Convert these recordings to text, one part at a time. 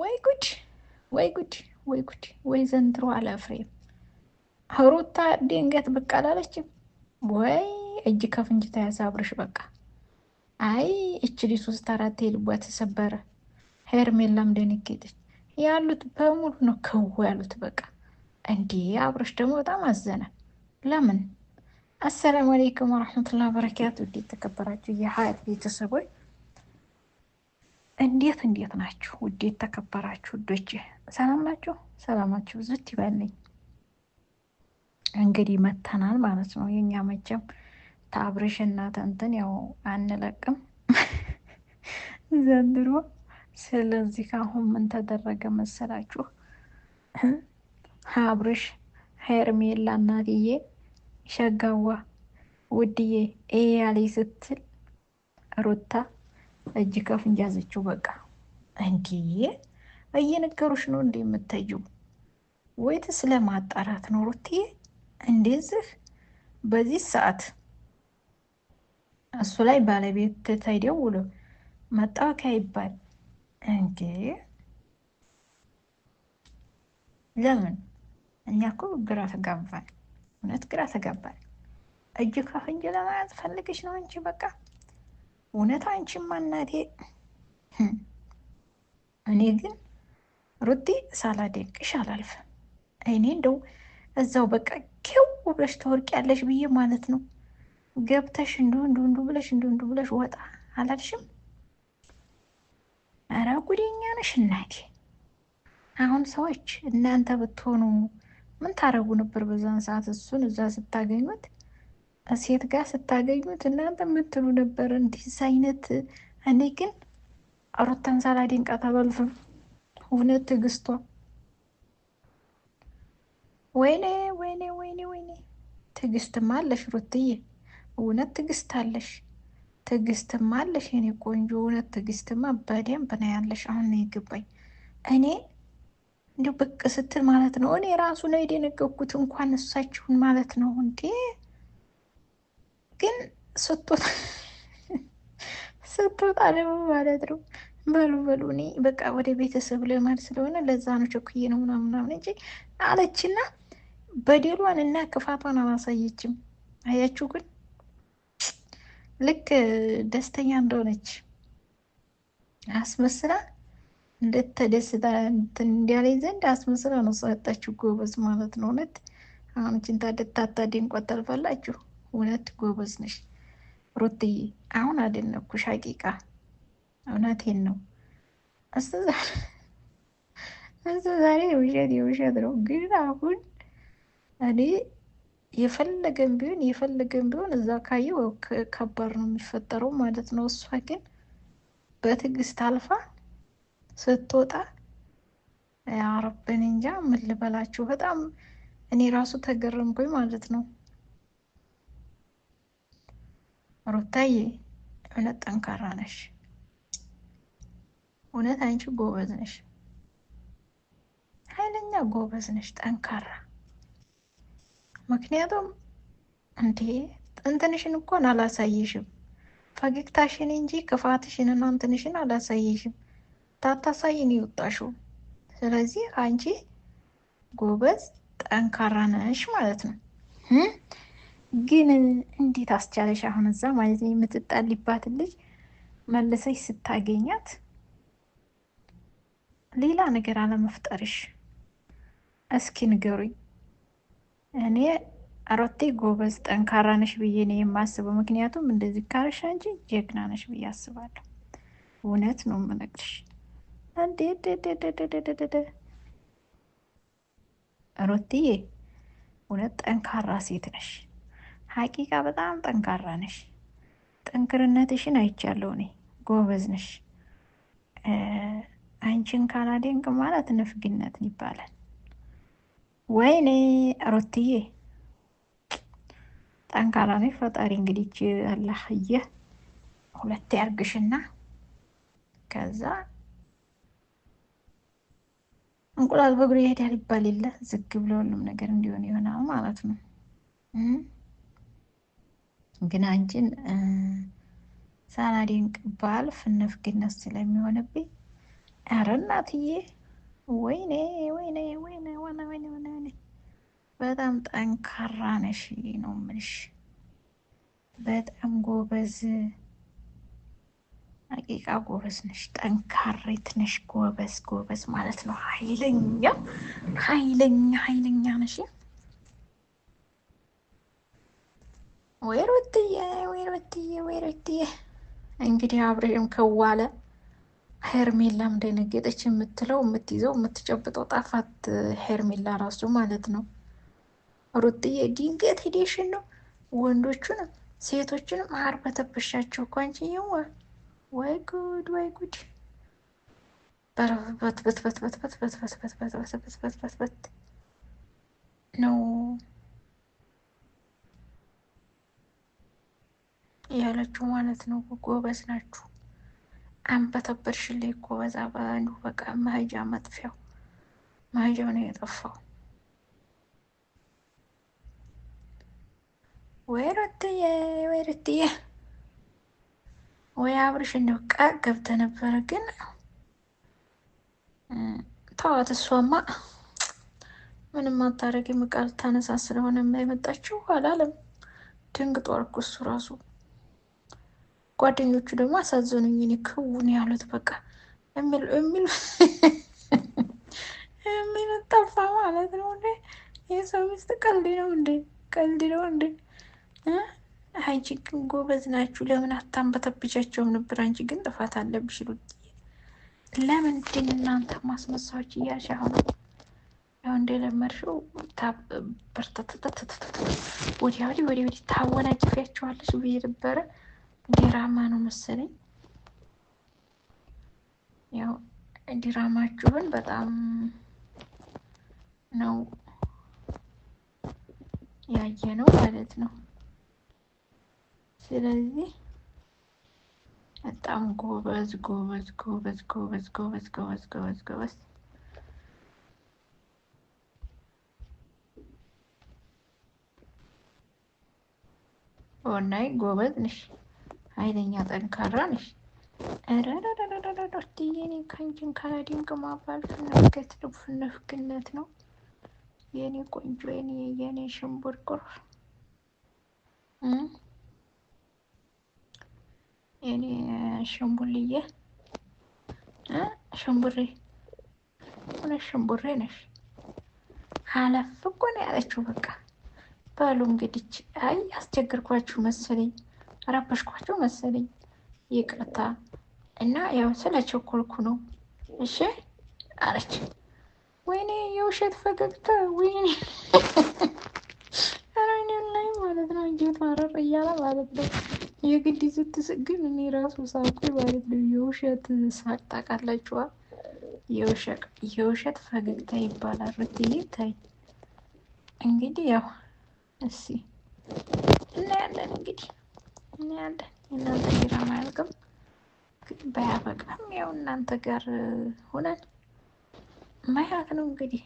ወይ ጉድ ወይ ጉድ ወይ ጉድ ወይ ዘንድሮ አላፍሬም። ሩታ ድንገት ብቅ አላለችም ወይ እጅ ከፍንጅ ተያዘ አብርሽ በቃ አይ እችዲ ሶስት አራት የልቧ ተሰበረ። ሄርሜላም ደንገጠች። ያሉት በሙሉ ነው ከው ያሉት በቃ እንዲህ አብርሽ ደግሞ በጣም አዘነ። ለምን? አሰላሙ አሌይኩም ወረሕመቱላሂ በረካቱ። እንዴት ተከበራችሁ የሀያት ቤተሰቦች እንዴት እንዴት ናችሁ? ውዴት ተከበራችሁ ውዶች ሰላም ናችሁ? ሰላማችሁ ብዙት ይበልኝ። እንግዲህ መተናል ማለት ነው። የኛ መቼም ተአብረሽና ተንትን ያው አንለቅም ዘንድሮ። ስለዚህ ካሁን ምን ተደረገ መሰላችሁ? አብርሽ ሄርሜላ እናትዬ ሸጋዋ ውድዬ ኤያሌ ስትል ሩታ እጅ ከፍንጅ ያዘችው። በቃ እንዴ እየነገሩሽ ነው እንዴ የምታየው? ወይት ስለማጣራት ነው ሩቴ? እንደዚህ በዚህ ሰዓት እሱ ላይ ባለቤት ታይደውሎ መታወቂያ ይባል እንዴ? ለምን እኛ እኮ ግራ ተጋባል። እውነት ግራ ተጋባል። እጅ ከፍንጅ ለማያዝ ፈልግሽ ነው እንጂ በቃ እውነት አንቺማ እናቴ። እኔ ግን ሩቲ ሳላደንቅሽ አላልፍም። እኔ እንደው እዛው በቃ ኬው ብለሽ ተወርቂያለሽ ብዬ ማለት ነው ገብተሽ እንዱ እንዱ እንዱ ብለሽ እንዱ እንዱ ብለሽ ወጣ አላልሽም? ኧረ ጉዴኛ ነሽ እናቴ። አሁን ሰዎች እናንተ ብትሆኑ ምን ታረጉ ነበር በዛን ሰዓት? እሱን እዛ ስታገኙት ሴት ጋር ስታገኙት እናንተ የምትሉ ነበር እንዲህ አይነት። እኔ ግን ሩታን ሳላደንቃት አላልፍም። እውነት ትዕግስቷ ወይኔ ወይኔ ወይኔ ወይኔ! ትዕግስትማ አለሽ ሩትዬ፣ እውነት ትዕግስት አለሽ፣ ትዕግስትማ አለሽ የኔ ቆንጆ። እውነት ትዕግስትማ በደንብ ነው ያለሽ። አሁን ነው የገባኝ እኔ እንዲሁ ብቅ ስትል ማለት ነው። እኔ ራሱ ነው የደነገኩት እንኳን እሳችሁን ማለት ነው እንዴ ግን ስትወጣ ስትወጣ ደግሞ ማለት ነው በሉ በሉ እኔ በቃ ወደ ቤተሰብ ለማድ ስለሆነ ለዛ ነው ቸኩዬ ነው ምናምን ምናምን እንጂ አለችና በደሏን እና ክፋቷን አላሳየችም። አያችሁ ግን ልክ ደስተኛ እንደሆነች አስመስላ እንደተደስታ እንዲያለኝ ዘንድ አስመስላ ነው ሰጠችው። ጎበዝ ማለት ነው። እውነት አሁን ችንታ ደታታ ድንቆ ታልፋላችሁ። እውነት ጎበዝ ነሽ ሩትዬ። አሁን አደነኩሽ ሀቂቃ፣ እውነቴን ነው። እስከ ዛሬ የውሸት የውሸት ነው፣ ግን አሁን እኔ የፈለገን ቢሆን የፈለገን ቢሆን እዛ ካየው ከባድ ነው የሚፈጠረው ማለት ነው። እሷ ግን በትዕግስት አልፋ ስትወጣ አረብን እንጃ ምን ልበላችሁ። በጣም እኔ ራሱ ተገረምኩኝ ማለት ነው። ሩታዬ እውነት ጠንካራ ነሽ። እውነት አንቺ ጎበዝ ነሽ፣ ኃይለኛ ጎበዝ ነሽ፣ ጠንካራ። ምክንያቱም እንዴ እንትንሽን እንኳን አላሳይሽም፣ ፈገግታሽን እንጂ ክፋትሽንና እንትንሽን አላሳየሽም ታታሳይን ይወጣሽው። ስለዚህ አንቺ ጎበዝ ጠንካራ ነሽ ማለት ነው። ግን እንዴት አስቻለሽ አሁን እዛ ማለት ነው የምትጣሊባትን ልጅ መልሰሽ ስታገኛት ሌላ ነገር አለመፍጠርሽ እስኪ ንገሩኝ። እኔ ሮቴ ጎበዝ ጠንካራ ነሽ ብዬ ነው የማስበው። ምክንያቱም እንደዚህ ካረሻ እንጂ ጀግና ነሽ ብዬ አስባለሁ። እውነት ነው የምነግርሽ። እንዴ ሮቴዬ እውነት ጠንካራ ሴት ነሽ። ሀቂቃ በጣም ጠንካራ ነሽ። ጥንክርነትሽን አይቻለሁ እኔ። ጎበዝ ነሽ። አንቺን ካላደንቅ ማለት ንፍግነት ይባላል። ወይኔ ሮትዬ ጠንካራ ነሽ። ፈጣሪ እንግዲህ አላህየ ሁለት ያርግሽና ከዛ እንቁላል በእግሩ ይሄዳል ይባል የለ ዝግ ብሎ ሁሉም ነገር እንዲሆን ይሆናል ማለት ነው። ግን አንቺን ሳላደንቅ ባልፍ ንፍግነት ስለሚሆንብኝ፣ ኧረ እናትዬ ወይኔ ወይኔ ወይኔ ወይኔ ወይኔ ወይኔ በጣም ጠንካራ ነሽ ነው የምልሽ። በጣም ጎበዝ አቂቃ ጎበዝ ነሽ፣ ጠንካሬት ነሽ። ጎበዝ ጎበዝ ማለት ነው ኃይለኛ ኃይለኛ ኃይለኛ ነሽ። ወይሮትዬ ወይሮትዬ ወይሮትዬ እንግዲህ አብሬም ከዋለ ሄርሜላም ደነገጠች። የምትለው የምትይዘው የምትጨብጠው ጣፋት ሄርሜላ ራሱ ማለት ነው። ሩጥዬ ድንገት ሂዴሽን ነው ወንዶቹንም ሴቶችንም አርበተበሻቸው እኮ አንቺዬው። ወይ ጉድ ወይ ጉድ! በት ነው ያለችው ማለት ነው። ጎበዝ ናችሁ፣ አንበተበትሽልኝ እኮ በዛ በአንዱ በቃ መሄጃ መጥፊያው መሄጃው ነው የጠፋው። ወይ ሮትዬ፣ ወይ ሮትዬ፣ ወይ አብርሽ እንደው ቃ ገብተ ነበረ ግን ተዋት። እሷማ ምንም አታረጊም። ቃል ታነሳ ስለሆነ የመጣችው አላለም። ድንግጧል እኮ እሱ ራሱ ጓደኞቹ ደግሞ አሳዘኑኝ። እኔ ክውን ያሉት በቃ የሚል ጠፋ ማለት ነው እንዴ! የሰው ሚስት ቀልድ ነው እንዴ? ቀልድ ነው እንዴ? አንቺ ግን ጎበዝ ናችሁ። ለምን አታንበተብቻቸውም ነበር? አንቺ ግን ጥፋት አለብሽ። ሉ ለምንድን እናንተ ማስመሳዎች እያልሽ አሁን ያው እንደለመድሽው በርታተተተተተ ወዲያ ወዲህ ወዲህ ወዲህ ታወናጅፊያቸዋለሽ ብዬ ነበረ። ዲራማ ነው መሰለኝ። ያው ዲራማችሁን በጣም ነው ያየ ነው ማለት ነው። ስለዚህ በጣም ጎበዝ ጎበዝ ጎበዝ ጎበዝ ጎበዝ ጎበዝ ጎበዝ ጎበዝ ኦናይ ጎበዝ ነሽ። ኃይለኛ ጠንካራ ነሽ። ረረረረረረርትዬኔ ከንጅን ከረዲም ግማባል ፍነፍገት ፍነፍግነት ነው የኔ ቆንጆ የኔ የኔ ሽንቡርቁር የኔ ሽንቡልዬ ሽንቡሬ ሆነ ሽንቡሬ ነሽ። ሀለፍ እኮ ነው ያለችው። በቃ በሉ እንግዲህ አይ አስቸግርኳችሁ መሰለኝ። ረበሽኳቸው መሰለኝ ይቅርታ። እና ያው ስለ ቸኮልኩ ነው እሺ አለች። ወይኔ የውሸት ፈገግታ ወይኔ ማለት ነው እንዴት ማረር እያለ ማለት ነው የግድ ስትስቅ ግን እኔ ራሱ ሳቁ ማለት ነው የውሸት ሳቅ ታውቃላችኋል። የውሸት ፈገግታ ይባላል። ርትዬ ታይ እንግዲህ ያው እስኪ እናያለን እንግዲህ እናያለን። የእናንተ ዲራማ አያልቅም ባያበቃም ያው እናንተ ጋር ሆነን ማያት ነው እንግዲህ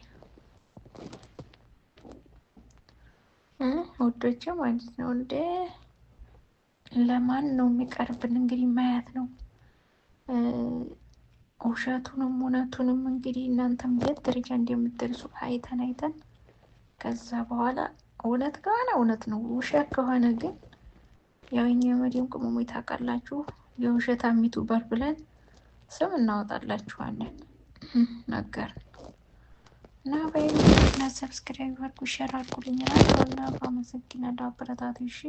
ወዶቼ ማለት ነው። እንደ ለማን ነው የሚቀርብን እንግዲህ ማያት ነው። ውሸቱንም እውነቱንም እንግዲህ እናንተም የት ደረጃ እንደምትደርሱ አይተን አይተን ከዛ በኋላ እውነት ከሆነ እውነት ነው፣ ውሸት ከሆነ ግን ያኛ መዲም ቅመሙ ታውቃላችሁ። የውሸት አሚቱ በር ብለን ስም እናወጣላችኋለን። ነገር እና በይነት ሰብስክራይብ አድርጉ፣ ሸር አድርጉልኝ። ላላ አመሰግናለሁ። አበረታቱ እሺ።